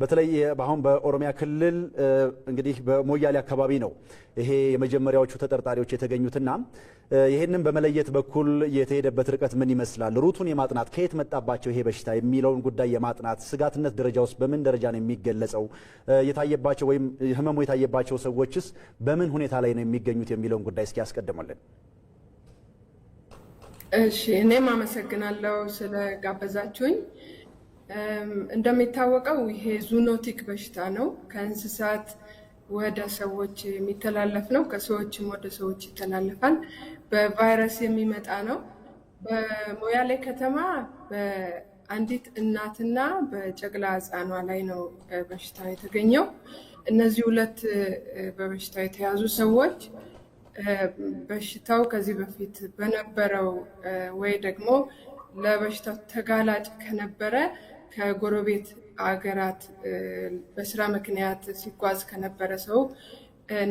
በተለይ አሁን በኦሮሚያ ክልል እንግዲህ በሞያሌ አካባቢ ነው ይሄ የመጀመሪያዎቹ ተጠርጣሪዎች የተገኙትና ይህንን በመለየት በኩል የተሄደበት ርቀት ምን ይመስላል፣ ሩቱን የማጥናት ከየት መጣባቸው ይሄ በሽታ የሚለውን ጉዳይ የማጥናት ስጋትነት ደረጃ ውስጥ በምን ደረጃ ነው የሚገለጸው፣ የታየባቸው ወይም ህመሙ የታየባቸው ሰዎችስ በምን ሁኔታ ላይ ነው የሚገኙት የሚለውን ጉዳይ እስኪ ያስቀድሙልን። እሺ፣ እኔም አመሰግናለሁ ስለጋበዛችሁኝ። እንደሚታወቀው ይሄ ዙኖቲክ በሽታ ነው። ከእንስሳት ወደ ሰዎች የሚተላለፍ ነው። ከሰዎችም ወደ ሰዎች ይተላለፋል። በቫይረስ የሚመጣ ነው። በሞያሌ ከተማ በአንዲት እናትና በጨቅላ ሕፃኗ ላይ ነው በሽታ የተገኘው። እነዚህ ሁለት በበሽታ የተያዙ ሰዎች በሽታው ከዚህ በፊት በነበረው ወይ ደግሞ ለበሽታው ተጋላጭ ከነበረ ከጎረቤት አገራት በስራ ምክንያት ሲጓዝ ከነበረ ሰው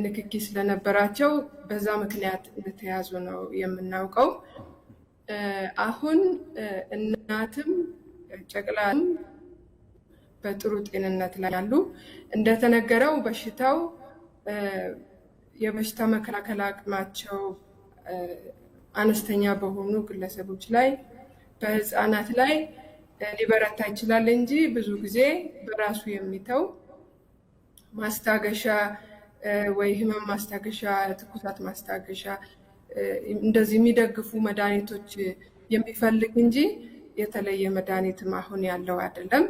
ንክኪ ስለነበራቸው በዛ ምክንያት እንደተያዙ ነው የምናውቀው። አሁን እናትም ጨቅላም በጥሩ ጤንነት ላይ ያሉ እንደተነገረው በሽታው የበሽታ መከላከል አቅማቸው አነስተኛ በሆኑ ግለሰቦች ላይ በህፃናት ላይ ሊበረታ ይችላል እንጂ ብዙ ጊዜ በራሱ የሚተው ማስታገሻ ወይ ህመም ማስታገሻ፣ ትኩሳት ማስታገሻ እንደዚህ የሚደግፉ መድኃኒቶች የሚፈልግ እንጂ የተለየ መድኃኒትም አሁን ያለው አይደለም።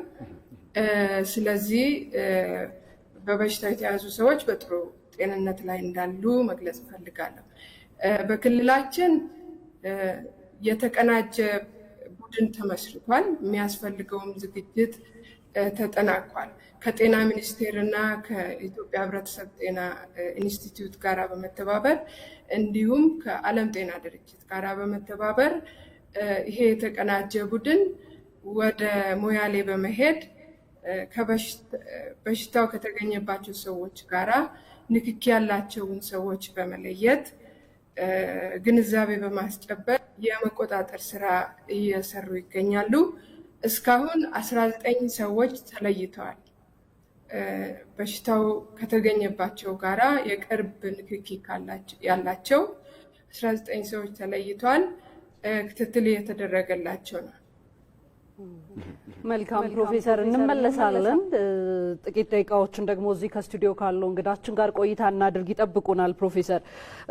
ስለዚህ በበሽታ የተያዙ ሰዎች በጥሩ ጤንነት ላይ እንዳሉ መግለጽ እፈልጋለሁ። በክልላችን የተቀናጀ ቡድን ተመስርቷል። የሚያስፈልገውም ዝግጅት ተጠናቋል። ከጤና ሚኒስቴር እና ከኢትዮጵያ ሕብረተሰብ ጤና ኢንስቲትዩት ጋር በመተባበር እንዲሁም ከዓለም ጤና ድርጅት ጋር በመተባበር ይሄ የተቀናጀ ቡድን ወደ ሞያሌ በመሄድ በሽታው ከተገኘባቸው ሰዎች ጋራ ንክኪ ያላቸውን ሰዎች በመለየት ግንዛቤ በማስጨበጥ የመቆጣጠር ስራ እየሰሩ ይገኛሉ። እስካሁን አስራ ዘጠኝ ሰዎች ተለይተዋል። በሽታው ከተገኘባቸው ጋራ የቅርብ ንክኪ ያላቸው አስራ ዘጠኝ ሰዎች ተለይተዋል። ክትትል እየተደረገላቸው ነው። መልካም ፕሮፌሰር፣ እንመለሳለን። ጥቂት ደቂቃዎችን ደግሞ እዚህ ከስቱዲዮ ካለው እንግዳችን ጋር ቆይታ እናድርግ። ይጠብቁናል ፕሮፌሰር።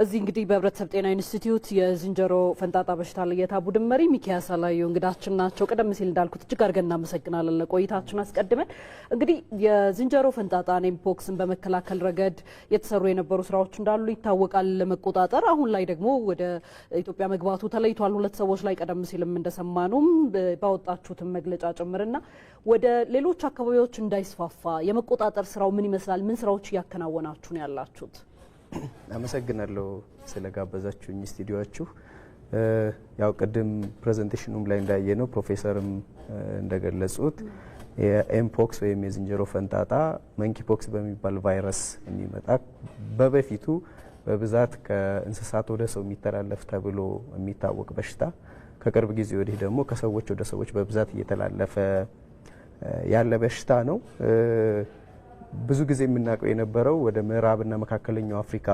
እዚህ እንግዲህ በህብረተሰብ ጤና ኢንስቲትዩት የዝንጀሮ ፈንጣጣ በሽታ ልየታ ቡድን መሪ ሚኪያስ አላዩ እንግዳችን ናቸው። ቀደም ሲል እንዳልኩት እጅግ አድርገን እናመሰግናለን ለቆይታችን። አስቀድመን እንግዲህ የዝንጀሮ ፈንጣጣ ኔምፖክስን በመከላከል ረገድ የተሰሩ የነበሩ ስራዎች እንዳሉ ይታወቃል ለመቆጣጠር። አሁን ላይ ደግሞ ወደ ኢትዮጵያ መግባቱ ተለይቷል። ሁለት ሰዎች ላይ ቀደም ሲልም እንደሰማኑም ባወጣችሁ ያወጣችሁትን መግለጫ ጭምርና ወደ ሌሎች አካባቢዎች እንዳይስፋፋ የመቆጣጠር ስራው ምን ይመስላል? ምን ስራዎች እያከናወናችሁ ነው ያላችሁት? አመሰግናለሁ ስለጋበዛችሁኝ ስቱዲዮችሁ። ያው ቅድም ፕሬዘንቴሽኑም ላይ እንዳየ ነው ፕሮፌሰርም እንደገለጹት የኤምፖክስ ወይም የዝንጀሮ ፈንጣጣ መንኪፖክስ በሚባል ቫይረስ የሚመጣ በበፊቱ በብዛት ከእንስሳት ወደ ሰው የሚተላለፍ ተብሎ የሚታወቅ በሽታ ከቅርብ ጊዜ ወዲህ ደግሞ ከሰዎች ወደ ሰዎች በብዛት እየተላለፈ ያለ በሽታ ነው። ብዙ ጊዜ የምናውቀው የነበረው ወደ ምዕራብና መካከለኛው አፍሪካ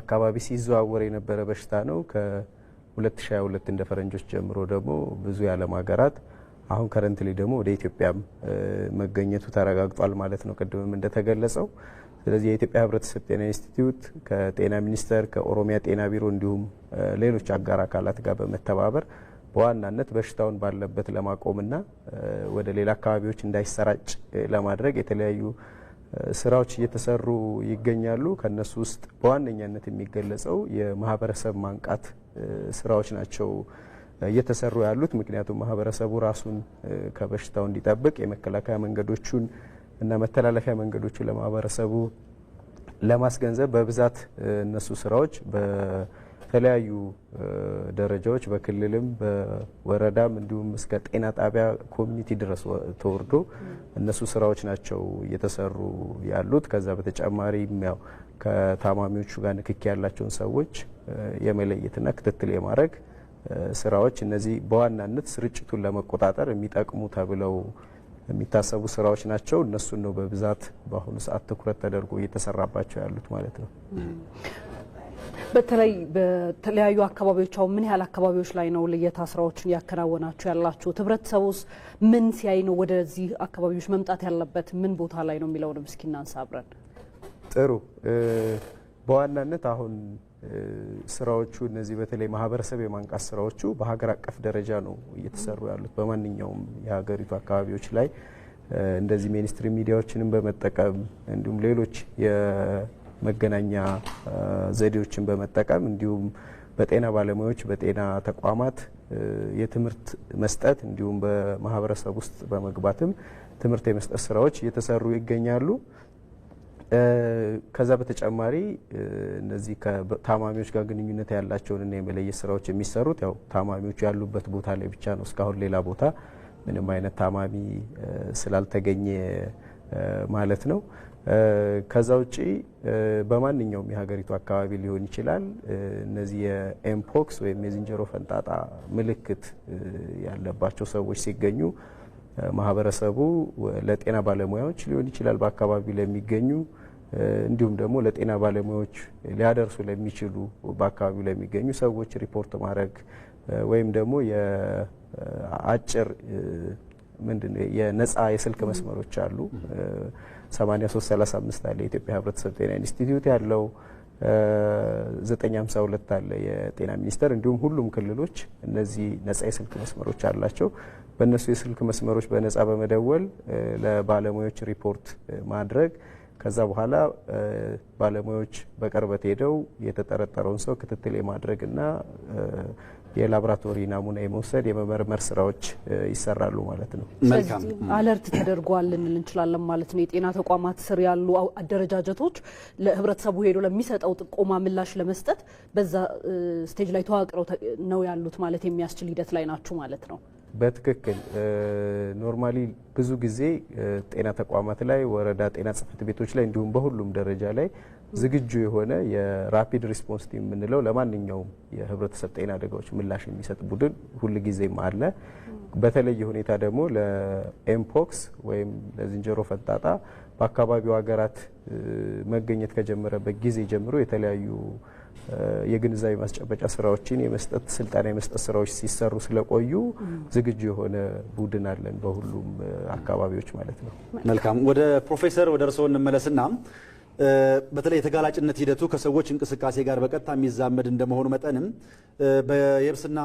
አካባቢ ሲዘዋወር የነበረ በሽታ ነው። ከ2022 እንደ ፈረንጆች ጀምሮ ደግሞ ብዙ የዓለም ሀገራት አሁን ከረንትሊ ደግሞ ወደ ኢትዮጵያም መገኘቱ ተረጋግጧል ማለት ነው። ቅድምም እንደተገለጸው ስለዚህ የኢትዮጵያ ህብረተሰብ ጤና ኢንስቲትዩት ከጤና ሚኒስቴር ከኦሮሚያ ጤና ቢሮ እንዲሁም ሌሎች አጋር አካላት ጋር በመተባበር በዋናነት በሽታውን ባለበት ለማቆምና ወደ ሌላ አካባቢዎች እንዳይሰራጭ ለማድረግ የተለያዩ ስራዎች እየተሰሩ ይገኛሉ። ከነሱ ውስጥ በዋነኛነት የሚገለጸው የማህበረሰብ ማንቃት ስራዎች ናቸው እየተሰሩ ያሉት። ምክንያቱም ማህበረሰቡ ራሱን ከበሽታው እንዲጠብቅ የመከላከያ መንገዶቹን እና መተላለፊያ መንገዶቹ ለማህበረሰቡ ለማስገንዘብ በብዛት እነሱ ስራዎች በተለያዩ ደረጃዎች በክልልም በወረዳም እንዲሁም እስከ ጤና ጣቢያ ኮሚኒቲ ድረስ ተወርዶ እነሱ ስራዎች ናቸው እየተሰሩ ያሉት። ከዛ በተጨማሪም ያው ከታማሚዎቹ ጋር ንክኪ ያላቸውን ሰዎች የመለየትና ክትትል የማድረግ ስራዎች እነዚህ በዋናነት ስርጭቱን ለመቆጣጠር የሚጠቅሙ ተብለው የሚታሰቡ ስራዎች ናቸው። እነሱን ነው በብዛት በአሁኑ ሰዓት ትኩረት ተደርጎ እየተሰራባቸው ያሉት ማለት ነው። በተለይ በተለያዩ አካባቢዎች አሁን ምን ያህል አካባቢዎች ላይ ነው ልየታ ስራዎችን ያከናወናችሁ ያላችሁ? ህብረተሰቡስ ምን ሲያይ ነው ወደዚህ አካባቢዎች መምጣት ያለበት? ምን ቦታ ላይ ነው የሚለውንም እስኪ እናንሳ አብረን። ጥሩ በዋናነት አሁን ስራዎቹ እነዚህ በተለይ ማህበረሰብ የማንቃት ስራዎቹ በሀገር አቀፍ ደረጃ ነው እየተሰሩ ያሉት። በማንኛውም የሀገሪቱ አካባቢዎች ላይ እንደዚህ ሚኒስትሪ ሚዲያዎችንም በመጠቀም እንዲሁም ሌሎች የመገናኛ ዘዴዎችን በመጠቀም እንዲሁም በጤና ባለሙያዎች በጤና ተቋማት የትምህርት መስጠት እንዲሁም በማህበረሰብ ውስጥ በመግባትም ትምህርት የመስጠት ስራዎች እየተሰሩ ይገኛሉ። ከዛ በተጨማሪ እነዚህ ከታማሚዎች ጋር ግንኙነት ያላቸውንና የመለየት ስራዎች የሚሰሩት ያው ታማሚዎቹ ያሉበት ቦታ ላይ ብቻ ነው። እስካሁን ሌላ ቦታ ምንም አይነት ታማሚ ስላልተገኘ ማለት ነው። ከዛ ውጪ በማንኛውም የሀገሪቱ አካባቢ ሊሆን ይችላል። እነዚህ የኤምፖክስ ወይም የዝንጀሮ ፈንጣጣ ምልክት ያለባቸው ሰዎች ሲገኙ ማህበረሰቡ ለጤና ባለሙያዎች ሊሆን ይችላል በአካባቢ ለሚገኙ እንዲሁም ደግሞ ለጤና ባለሙያዎች ሊያደርሱ ለሚችሉ በአካባቢው ለሚገኙ ሰዎች ሪፖርት ማድረግ ወይም ደግሞ የአጭር ምንድን የነጻ የስልክ መስመሮች አሉ። 8335 አለ የኢትዮጵያ ሕብረተሰብ ጤና ኢንስቲትዩት ያለው 952 አለ የጤና ሚኒስቴር እንዲሁም ሁሉም ክልሎች እነዚህ ነጻ የስልክ መስመሮች አላቸው። በእነሱ የስልክ መስመሮች በነጻ በመደወል ለባለሙያዎች ሪፖርት ማድረግ ከዛ በኋላ ባለሙያዎች በቅርበት ሄደው የተጠረጠረውን ሰው ክትትል የማድረግና የላቦራቶሪ ናሙና የመውሰድ የመመርመር ስራዎች ይሰራሉ ማለት ነው። መልካም አለርት ተደርጓል ልንል እንችላለን ማለት ነው። የጤና ተቋማት ስር ያሉ አደረጃጀቶች ለህብረተሰቡ ሄዶ ለሚሰጠው ጥቆማ ምላሽ ለመስጠት በዛ ስቴጅ ላይ ተዋቅረው ነው ያሉት ማለት የሚያስችል ሂደት ላይ ናችሁ ማለት ነው። በትክክል ኖርማሊ ብዙ ጊዜ ጤና ተቋማት ላይ ወረዳ ጤና ጽህፈት ቤቶች ላይ እንዲሁም በሁሉም ደረጃ ላይ ዝግጁ የሆነ የራፒድ ሪስፖንስ ቲም የምንለው ለማንኛውም የህብረተሰብ ጤና አደጋዎች ምላሽ የሚሰጥ ቡድን ጊዜም አለ። በተለየ ሁኔታ ደግሞ ለኤምፖክስ ወይም ለዝንጀሮ ፈንጣጣ በአካባቢው ሀገራት መገኘት ከጀመረበት ጊዜ ጀምሮ የተለያዩ የግንዛቤ ማስጨበጫ ስራዎችን የመስጠት ስልጠና የመስጠት ስራዎች ሲሰሩ ስለቆዩ ዝግጁ የሆነ ቡድን አለን በሁሉም አካባቢዎች ማለት ነው። መልካም ወደ ፕሮፌሰር ወደ እርስዎ እንመለስና በተለይ የተጋላጭነት ሂደቱ ከሰዎች እንቅስቃሴ ጋር በቀጥታ የሚዛመድ እንደመሆኑ መጠንም በየብስና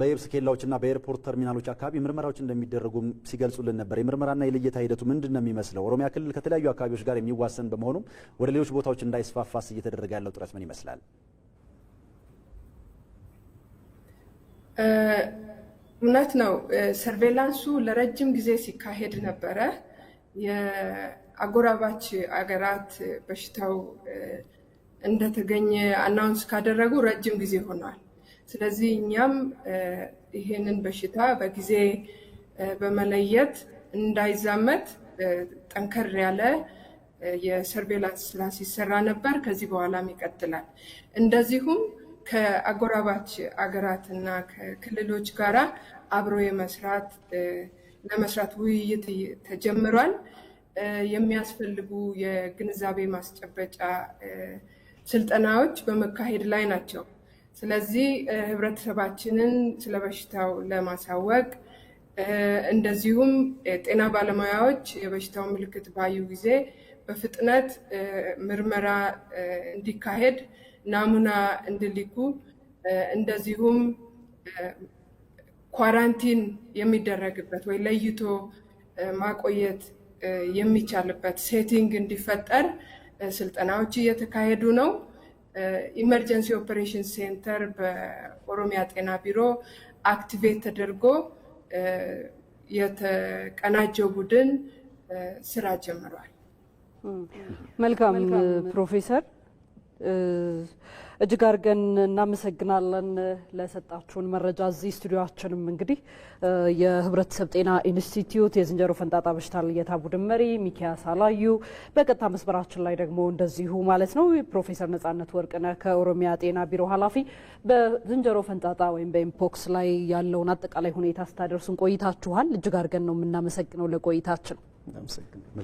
በየብስ ኬላዎችና በኤርፖርት ተርሚናሎች አካባቢ ምርመራዎች እንደሚደረጉ ሲገልጹልን ነበር። የምርመራና የልየታ ሂደቱ ምንድን ነው የሚመስለው? ኦሮሚያ ክልል ከተለያዩ አካባቢዎች ጋር የሚዋሰን በመሆኑም ወደ ሌሎች ቦታዎች እንዳይስፋፋስ እየተደረገ ያለው ጥረት ምን ይመስላል? እውነት ነው። ሰርቬላንሱ ለረጅም ጊዜ ሲካሄድ ነበረ። የአጎራባች አገራት በሽታው እንደተገኘ አናውንስ ካደረጉ ረጅም ጊዜ ሆኗል። ስለዚህ እኛም ይህንን በሽታ በጊዜ በመለየት እንዳይዛመት ጠንከር ያለ የሰርቬላንስ ስራ ሲሰራ ነበር። ከዚህ በኋላም ይቀጥላል። እንደዚሁም ከአጎራባች አገራት እና ከክልሎች ጋራ አብሮ የመስራት ለመስራት ውይይት ተጀምሯል። የሚያስፈልጉ የግንዛቤ ማስጨበጫ ስልጠናዎች በመካሄድ ላይ ናቸው። ስለዚህ ህብረተሰባችንን ስለ በሽታው ለማሳወቅ እንደዚሁም ጤና ባለሙያዎች የበሽታው ምልክት ባዩ ጊዜ በፍጥነት ምርመራ እንዲካሄድ ናሙና እንዲልኩ እንደዚሁም ኳራንቲን የሚደረግበት ወይ ለይቶ ማቆየት የሚቻልበት ሴቲንግ እንዲፈጠር ስልጠናዎች እየተካሄዱ ነው። ኢመርጀንሲ ኦፐሬሽን ሴንተር በኦሮሚያ ጤና ቢሮ አክቲቬት ተደርጎ የተቀናጀው ቡድን ስራ ጀምሯል። መልካም ፕሮፌሰር እጅግ አድርገን እናመሰግናለን ለሰጣችሁን መረጃ። እዚህ ስቱዲዮችንም እንግዲህ የህብረተሰብ ጤና ኢንስቲትዩት የዝንጀሮ ፈንጣጣ በሽታ ልየታ ቡድን መሪ ሚኪያስ አላዩ፣ በቀጥታ መስመራችን ላይ ደግሞ እንደዚሁ ማለት ነው ፕሮፌሰር ነጻነት ወርቅነህ ከኦሮሚያ ጤና ቢሮ ኃላፊ በዝንጀሮ ፈንጣጣ ወይም በኢምፖክስ ላይ ያለውን አጠቃላይ ሁኔታ ስታደርሱን ቆይታችኋል። እጅግ አድርገን ነው የምናመሰግነው ለቆይታችን።